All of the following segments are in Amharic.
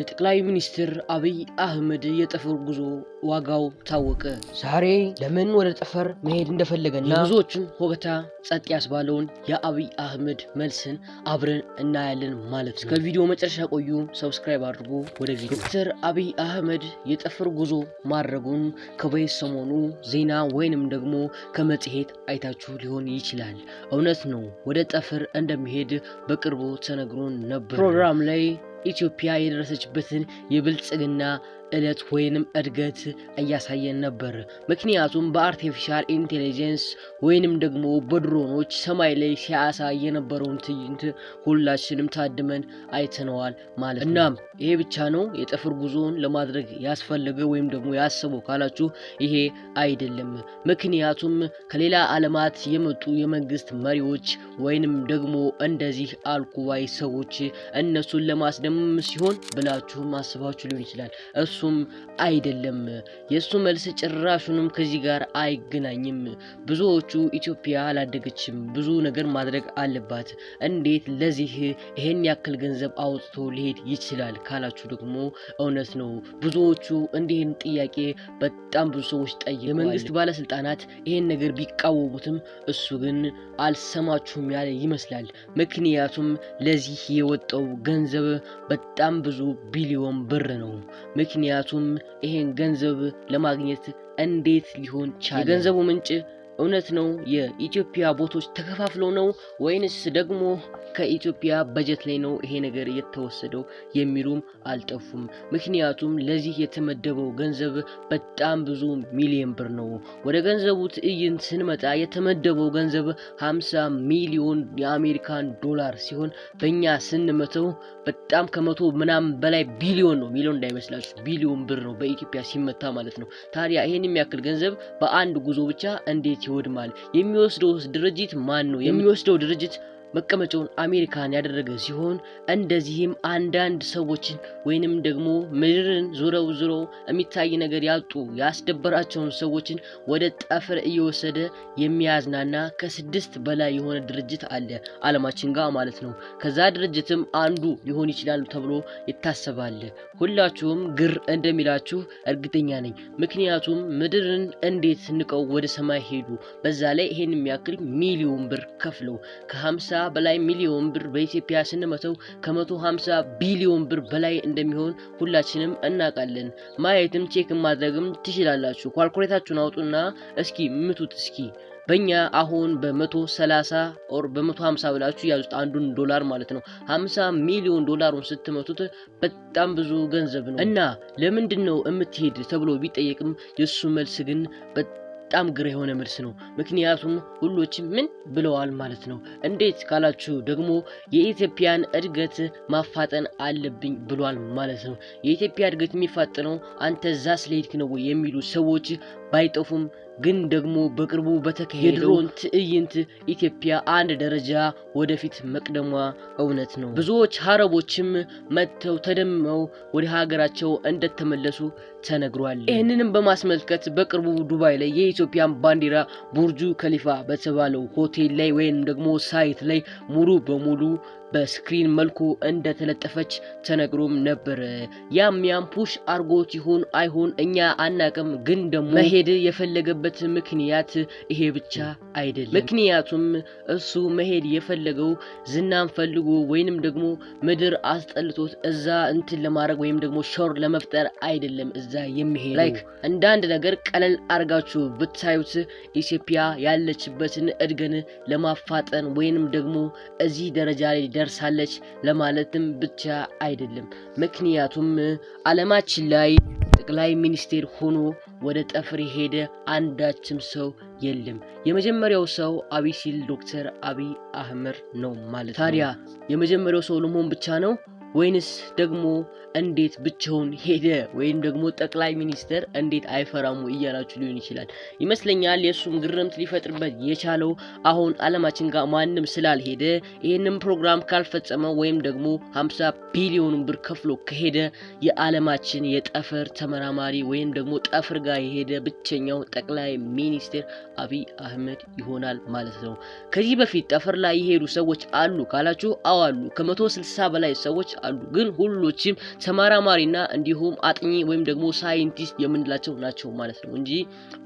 የጠቅላይ ሚኒስትር አብይ አህመድ የጠፈር ጉዞ ዋጋው ታወቀ። ዛሬ ለምን ወደ ጠፈር መሄድ እንደፈለገና ብዙዎችን ሆገታ ጸጥ ያስባለውን የአብይ አህመድ መልስን አብረን እናያለን ማለት ነው። ከቪዲዮ መጨረሻ ቆዩ፣ ሰብስክራይብ አድርጉ። ወደ ቪዲዮ ዶክተር አብይ አህመድ የጠፈር ጉዞ ማድረጉን ከበይ ሰሞኑ ዜና ወይንም ደግሞ ከመጽሔት አይታችሁ ሊሆን ይችላል። እውነት ነው፣ ወደ ጠፈር እንደሚሄድ በቅርቡ ተነግሮን ነበር ፕሮግራም ላይ ኢትዮጵያ የደረሰችበትን የብልጽግና እለት ወይንም እድገት እያሳየን ነበር። ምክንያቱም በአርቲፊሻል ኢንቴሊጀንስ ወይንም ደግሞ በድሮኖች ሰማይ ላይ ሲያሳይ የነበረውን ትዕይንት ሁላችንም ታድመን አይተነዋል ማለት ነው። እናም ይሄ ብቻ ነው የጥፍር ጉዞን ለማድረግ ያስፈለገ ወይም ደግሞ ያሰበው ካላችሁ ይሄ አይደለም። ምክንያቱም ከሌላ አለማት የመጡ የመንግስት መሪዎች ወይንም ደግሞ እንደዚህ አልኩባይ ሰዎች እነሱን ለማስደመም ሲሆን ብላችሁም አስባችሁ ሊሆን ይችላል እሱ እሱም አይደለም። የእሱ መልስ ጭራሹንም ከዚህ ጋር አይገናኝም። ብዙዎቹ ኢትዮጵያ አላደገችም፣ ብዙ ነገር ማድረግ አለባት። እንዴት ለዚህ ይሄን ያክል ገንዘብ አውጥቶ ሊሄድ ይችላል ካላችሁ ደግሞ እውነት ነው። ብዙዎቹ እንዲህን ጥያቄ በጣም ብዙ ሰዎች ጠይቀዋል። የመንግስት ባለስልጣናት ይሄን ነገር ቢቃወሙትም እሱ ግን አልሰማችሁም ያለ ይመስላል። ምክንያቱም ለዚህ የወጣው ገንዘብ በጣም ብዙ ቢሊዮን ብር ነው። ምክንያቱም ምክንያቱም ይሄን ገንዘብ ለማግኘት እንዴት ሊሆን ቻለ? የገንዘቡ ምንጭ እውነት ነው የኢትዮጵያ ቦቶች ተከፋፍለው ነው ወይንስ ደግሞ ከኢትዮጵያ በጀት ላይ ነው ይሄ ነገር የተወሰደው የሚሉም አልጠፉም። ምክንያቱም ለዚህ የተመደበው ገንዘብ በጣም ብዙ ሚሊዮን ብር ነው። ወደ ገንዘቡ ትዕይንት ስንመጣ የተመደበው ገንዘብ 50 ሚሊዮን የአሜሪካን ዶላር ሲሆን በእኛ ስንመተው በጣም ከመቶ ምናምን በላይ ቢሊዮን ነው። ሚሊዮን እንዳይመስላችሁ ቢሊዮን ብር ነው በኢትዮጵያ ሲመታ ማለት ነው። ታዲያ ይሄን የሚያክል ገንዘብ በአንድ ጉዞ ብቻ እንዴት ይወድማል። የሚወስደው ድርጅት ማን ነው? የሚወስደው ድርጅት መቀመጫውን አሜሪካን ያደረገ ሲሆን እንደዚህም አንዳንድ ሰዎችን ወይንም ደግሞ ምድርን ዙረው ዙረው የሚታይ ነገር ያጡ ያስደበራቸውን ሰዎችን ወደ ጠፈር እየወሰደ የሚያዝናና ከስድስት በላይ የሆነ ድርጅት አለ አለማችን ጋር ማለት ነው። ከዛ ድርጅትም አንዱ ሊሆን ይችላል ተብሎ ይታሰባል። ሁላችሁም ግር እንደሚላችሁ እርግጠኛ ነኝ። ምክንያቱም ምድርን እንዴት ንቀው ወደ ሰማይ ሄዱ? በዛ ላይ ይሄን የሚያክል ሚሊዮን ብር ከፍለው ከ በላይ ሚሊዮን ብር በኢትዮጵያ ስንመተው ከ150 ቢሊዮን ብር በላይ እንደሚሆን ሁላችንም እናውቃለን። ማየትም ቼክ ማድረግም ትችላላችሁ። ኳልኩሌታችሁን አውጡና እስኪ ምቱት እስኪ በእኛ አሁን በመቶ 130 ኦር በመቶ 150 ብላችሁ ያዙት አንዱን ዶላር ማለት ነው። 50 ሚሊዮን ዶላሩን ስትመቱት በጣም ብዙ ገንዘብ ነው እና ለምንድን ነው የምትሄድ ተብሎ ቢጠየቅም የእሱ መልስ ግን በጣም ግራ የሆነ መልስ ነው። ምክንያቱም ሁሎችም ምን ብለዋል ማለት ነው። እንዴት ካላችሁ ደግሞ የኢትዮጵያን እድገት ማፋጠን አለብኝ ብሏል ማለት ነው። የኢትዮጵያ እድገት የሚፋጥነው አንተ እዛ ስለሄድክ ነው የሚሉ ሰዎች ባይጠፉም ግን ደግሞ በቅርቡ በተካሄደው የድሮን ትዕይንት ኢትዮጵያ አንድ ደረጃ ወደፊት መቅደሟ እውነት ነው። ብዙዎች ሀረቦችም መጥተው ተደምመው ወደ ሀገራቸው እንደተመለሱ ተነግሯል። ይህንንም በማስመልከት በቅርቡ ዱባይ ላይ የኢትዮጵያን ባንዲራ ቡርጁ ከሊፋ በተባለው ሆቴል ላይ ወይም ደግሞ ሳይት ላይ ሙሉ በሙሉ በስክሪን መልኩ እንደተለጠፈች ተነግሮም ነበር። ያም ያም ፑሽ አርጎት ይሆን አይሆን እኛ አናቅም። ግን ደግሞ መሄድ የፈለገበት ምክንያት ይሄ ብቻ አይደለም። ምክንያቱም እሱ መሄድ የፈለገው ዝናን ፈልጎ ወይንም ደግሞ ምድር አስጠልቶት እዛ እንትን ለማድረግ ወይም ደግሞ ሾር ለመፍጠር አይደለም። እዛ የሚሄድ ላይክ እንዳንድ ነገር ቀለል አርጋችሁ ብታዩት ኢትዮጵያ ያለችበትን እድገን ለማፋጠን ወይንም ደግሞ እዚህ ደረጃ ላይ ደርሳለች ለማለትም ብቻ አይደለም። ምክንያቱም ዓለማችን ላይ ጠቅላይ ሚኒስቴር ሆኖ ወደ ጠፍር የሄደ አንዳችም ሰው የለም። የመጀመሪያው ሰው አብይ ሲል ዶክተር አብይ አህመድ ነው ማለት። ታዲያ የመጀመሪያው ሰው ለመሆን ብቻ ነው ወይንስ ደግሞ እንዴት ብቻውን ሄደ ወይም ደግሞ ጠቅላይ ሚኒስተር እንዴት አይፈራሙ እያላችሁ ሊሆን ይችላል ይመስለኛል። የእሱም ግርምት ሊፈጥርበት የቻለው አሁን አለማችን ጋር ማንም ስላልሄደ ይህንን ፕሮግራም ካልፈጸመ ወይም ደግሞ ሀምሳ ቢሊዮኑን ብር ከፍሎ ከሄደ የአለማችን የጠፈር ተመራማሪ ወይም ደግሞ ጠፍር ጋር የሄደ ብቸኛው ጠቅላይ ሚኒስትር አብይ አህመድ ይሆናል ማለት ነው። ከዚህ በፊት ጠፈር ላይ የሄዱ ሰዎች አሉ ካላችሁ አዋሉ ከ160 በላይ ሰዎች አሉ። ግን ሁሎችም ተመራማሪና እንዲሁም አጥኚ ወይም ደግሞ ሳይንቲስት የምንላቸው ናቸው ማለት ነው እንጂ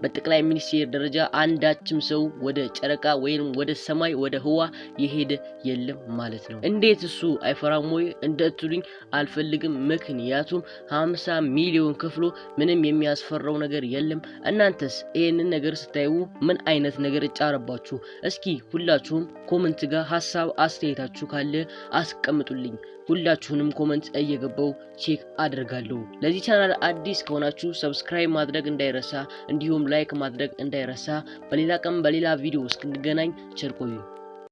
በጠቅላይ ሚኒስቴር ደረጃ አንዳችም ሰው ወደ ጨረቃ ወይም ወደ ሰማይ ወደ ህዋ የሄደ የለም ማለት ነው። እንዴት እሱ አይፈራም ወይ እንደትሉኝ አልፈልግም። ምክንያቱም ሀምሳ ሚሊዮን ከፍሎ ምንም የሚያስፈራው ነገር የለም። እናንተስ ይህንን ነገር ስታዩ ምን አይነት ነገር እጫረባችሁ? እስኪ ሁላችሁም ኮመንት ጋር ሀሳብ አስተያየታችሁ ካለ አስቀምጡልኝ። ሁላችሁንም ኮመንት እየገባው ቼክ አድርጋለሁ ለዚህ ቻናል አዲስ ከሆናችሁ ሰብስክራይብ ማድረግ እንዳይረሳ፣ እንዲሁም ላይክ ማድረግ እንዳይረሳ። በሌላ ቀን በሌላ ቪዲዮ እስክንገናኝ ቸር ቆዩ።